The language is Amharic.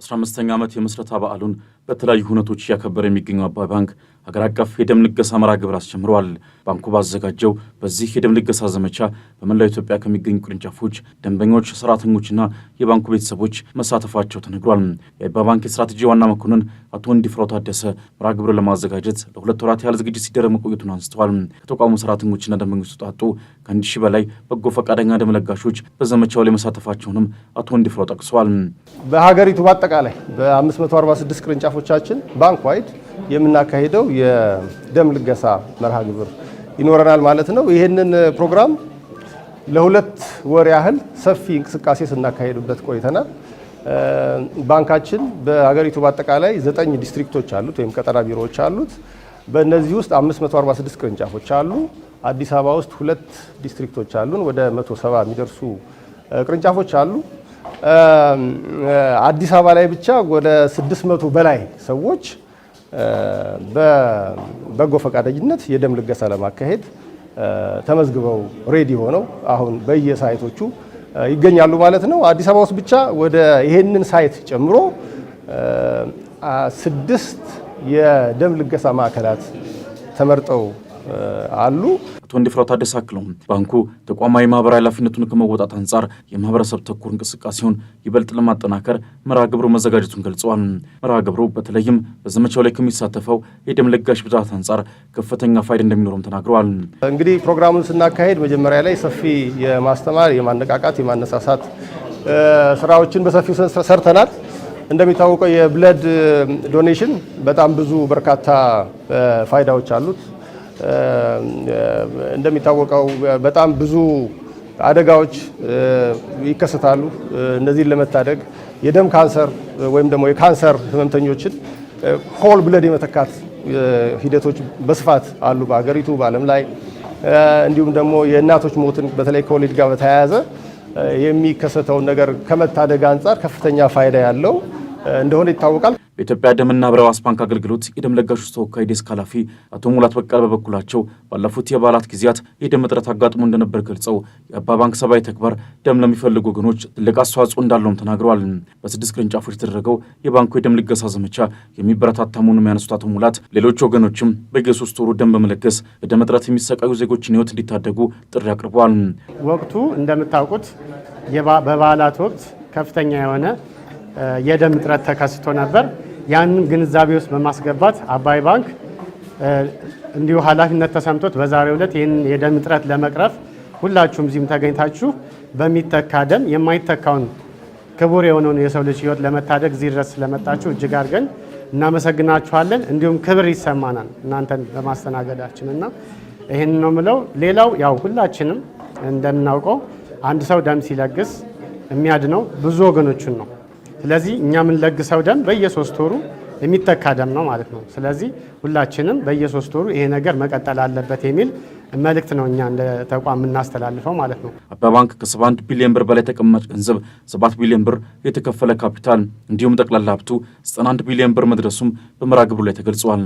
አስራ አምስተኛ ዓመት የምስረታ በዓሉን በተለያዩ ሁነቶች እያከበረ የሚገኘው አባይ ባንክ ሀገር አቀፍ የደም ልገሳ መርሃ ግብር አስጀምረዋል። ባንኩ ባዘጋጀው በዚህ የደም ልገሳ ዘመቻ በመላው ኢትዮጵያ ከሚገኙ ቅርንጫፎች ደንበኞች፣ ሰራተኞችና የባንኩ ቤተሰቦች መሳተፋቸው ተነግሯል። የአባ ባንክ የስትራቴጂ ዋና መኮንን አቶ እንዲፍራው ታደሰ መርሃ ግብርን ለማዘጋጀት ለሁለት ወራት ያህል ዝግጅት ሲደረግ መቆየቱን አንስተዋል። ከተቋሙ ሰራተኞችና ደንበኞች ተውጣጡ ከአንድ ሺህ በላይ በጎ ፈቃደኛ ደም ለጋሾች በዘመቻው ላይ መሳተፋቸውንም አቶ እንዲፍራው ጠቅሰዋል። በሀገሪቱ በአጠቃላይ በ546 ቅርንጫፎቻችን ባንክ ዋይድ የምናካሄደው የደም ልገሳ መርሃ ግብር ይኖረናል ማለት ነው። ይህንን ፕሮግራም ለሁለት ወር ያህል ሰፊ እንቅስቃሴ ስናካሄድበት ቆይተናል። ባንካችን በሀገሪቱ በአጠቃላይ ዘጠኝ ዲስትሪክቶች አሉት ወይም ቀጠና ቢሮዎች አሉት። በእነዚህ ውስጥ 546 ቅርንጫፎች አሉ። አዲስ አበባ ውስጥ ሁለት ዲስትሪክቶች አሉን። ወደ 170 የሚደርሱ ቅርንጫፎች አሉ። አዲስ አበባ ላይ ብቻ ወደ 600 በላይ ሰዎች በበጎ ፈቃደኝነት የደም ልገሳ ለማካሄድ ተመዝግበው ሬዲ ሆነው አሁን በየሳይቶቹ ይገኛሉ ማለት ነው። አዲስ አበባ ውስጥ ብቻ ወደ ይሄንን ሳይት ጨምሮ ስድስት የደም ልገሳ ማዕከላት ተመርጠው አሉ። ወንድፍራው ታደሰ አክለው ባንኩ ተቋማዊ ማህበራዊ ኃላፊነቱን ከመወጣት አንጻር የማህበረሰብ ተኮር እንቅስቃሴውን ይበልጥ ለማጠናከር መርሃ ግብሩ መዘጋጀቱን ገልጸዋል። መርሃ ግብሩ በተለይም በዘመቻው ላይ ከሚሳተፈው የደም ለጋሽ ብዛት አንጻር ከፍተኛ ፋይዳ እንደሚኖረም ተናግረዋል። እንግዲህ ፕሮግራሙን ስናካሄድ መጀመሪያ ላይ ሰፊ የማስተማር የማነቃቃት፣ የማነሳሳት ስራዎችን በሰፊው ሰርተናል። እንደሚታወቀው የብለድ ዶኔሽን በጣም ብዙ በርካታ ፋይዳዎች አሉት። እንደሚታወቀው በጣም ብዙ አደጋዎች ይከሰታሉ። እነዚህን ለመታደግ የደም ካንሰር ወይም ደግሞ የካንሰር ህመምተኞችን ሆል ብለድ የመተካት ሂደቶች በስፋት አሉ በሀገሪቱ በዓለም ላይ እንዲሁም ደግሞ የእናቶች ሞትን በተለይ ከወሊድ ጋር በተያያዘ የሚከሰተውን ነገር ከመታደግ አንጻር ከፍተኛ ፋይዳ ያለው እንደሆነ ይታወቃል። በኢትዮጵያ ደምና ብረ ባንክ አገልግሎት የደም ለጋሾች ተወካይ ዴስክ ኃላፊ አቶ ሙላት በቀለ በበኩላቸው ባለፉት የበዓላት ጊዜያት የደም እጥረት አጋጥሞ እንደነበር ገልጸው የአባ ባንክ ሰብአዊ ተግባር ደም ለሚፈልጉ ወገኖች ትልቅ አስተዋጽኦ እንዳለውም ተናግረዋል። በስድስት ቅርንጫፎች የተደረገው የባንኩ የደም ልገሳ ዘመቻ የሚበረታታ መሆኑን የሚያነሱት አቶ ሙላት ሌሎች ወገኖችም በየሶስት ወሩ ደም በመለገስ በደም እጥረት የሚሰቃዩ ዜጎችን ሕይወት እንዲታደጉ ጥሪ አቅርበዋል። ወቅቱ እንደምታውቁት በበዓላት ወቅት ከፍተኛ የሆነ የደም እጥረት ተከስቶ ነበር። ያንን ግንዛቤ ውስጥ በማስገባት አባይ ባንክ እንዲሁ ኃላፊነት ተሰምቶት በዛሬው ዕለት ይህን የደም እጥረት ለመቅረፍ ሁላችሁም እዚህም ተገኝታችሁ በሚተካ ደም የማይተካውን ክቡር የሆነውን የሰው ልጅ ህይወት ለመታደግ እዚህ ድረስ ስለመጣችሁ እጅግ አድርገን እናመሰግናችኋለን። እንዲሁም ክብር ይሰማናል እናንተን በማስተናገዳችን እና ይህን ነው ምለው። ሌላው ያው ሁላችንም እንደምናውቀው አንድ ሰው ደም ሲለግስ የሚያድነው ብዙ ወገኖቹን ነው ስለዚህ እኛ የምንለግሰው ደም በየሶስት ወሩ የሚተካ ደም ነው ማለት ነው። ስለዚህ ሁላችንም በየሶስት ወሩ ይሄ ነገር መቀጠል አለበት የሚል መልእክት ነው እኛ እንደ ተቋም የምናስተላልፈው ማለት ነው። አባ ባንክ ከ71 ቢሊዮን ብር በላይ ተቀማጭ ገንዘብ፣ 7 ቢሊዮን ብር የተከፈለ ካፒታል እንዲሁም ጠቅላላ ሀብቱ 91 ቢሊዮን ብር መድረሱም በመርሃ ግብሩ ላይ ተገልጿል።